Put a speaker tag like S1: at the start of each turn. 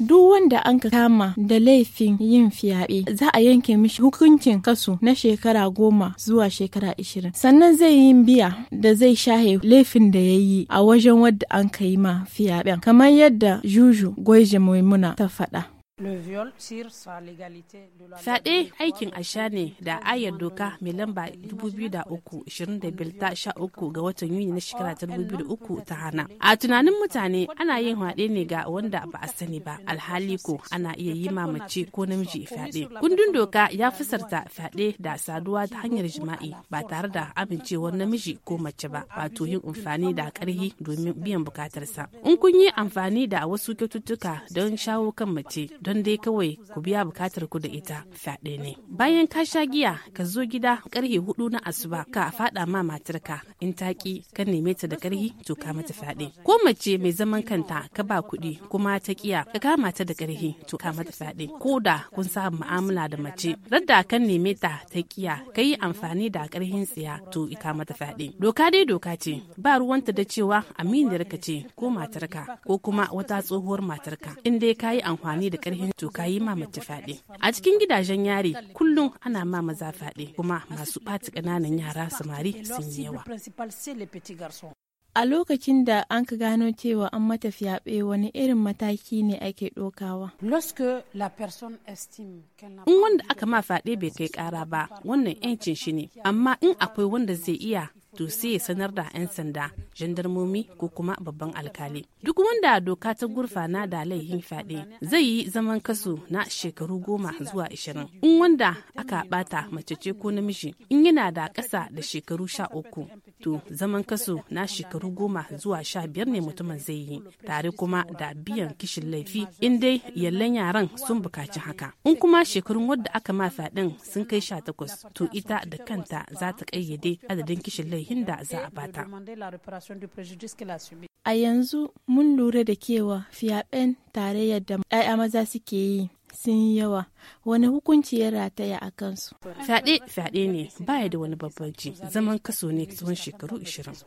S1: duk wanda an ka kama da laifin yin fiyaɓe, za a yanke mishi hukuncin kasu na shekara goma zuwa shekara ashirin sannan zai yi biya da zai shahe laifin da ya yi a wajen wadda an ka yi ma fiyaɓen, kamar yadda juju gwaije maimuna ta faɗa.
S2: Fyaɗe aikin asha ne da ayar doka mai lamba 2023 ga watan Yuni na shekara 2003 ta hana. A tunanin mutane ana yin haɗe ne ga wanda ba a sani ba alhali ko ana iya yi mamace ko namiji fyaɗe. Kundin doka ya fusarta fyaɗe da saduwa ta hanyar jima'i ba tare da amincewar namiji ko mace ba wato yin amfani da ƙarhi domin biyan bukatarsa. In kun yi amfani da wasu kyaututtuka don shawo kan mace don dai kawai ku biya bukatar ku da ita fyaɗe ne bayan ka sha giya ka zo gida karhe hudu na asuba ka faɗa ma matarka in taki ka neme ta da karhi to ka mata fyaɗe ko mace mai zaman kanta ka ba kuɗi kuma ta kiya ka kama ta da karhi to ka mata fyaɗe ko da kun sa mu'amala da mace radda kan neme ta ta kiya ka yi amfani da karhin tsiya to ka mata fyaɗe doka dai doka ce ba ruwanta da cewa aminiyarka ce ko matarka ko kuma wata tsohuwar matarka in dai ka yi amfani da karhi laihin to ka yi ma mace fade a cikin gidajen yari kullum ana ma maza fade kuma masu ɓata ƙananan yara samari sun yi yawa
S1: a lokacin da an ka gano cewa an mata fyaɓe wani irin mataki ne ake ɗokawa. In
S2: wanda aka ma fyaɗe bai kai ƙara ba, wannan 'yancin shi ne, amma in akwai wanda zai iya to sai ya sanar da 'yan sanda jandarmomi ko kuma babban alkali duk wanda doka ta gurfa na da laihin fyaɗe zai yi zaman kaso na shekaru goma zuwa ashirin in wanda aka bata mace ce ko namiji in yana da ƙasa da shekaru sha uku to zaman kaso na shekaru goma zuwa sha biyar ne mutumin zai yi tare kuma da biyan kishin laifi in dai yallan yaran sun bukaci haka in kuma shekarun wadda aka ma fyaɗen sun kai sha takwas to ita da kanta za ta ƙayyade adadin kishin laifi tarihin da za a bata.
S1: A yanzu mun lura da kewa fiyaɓen tarayyar da 'ya'ya maza suke yi sun yi yawa wani hukunci ya rataya a kansu. Fyaɗe
S2: fyaɗe ne baya da wani babbanci zaman kaso ne tsawon shekaru 20.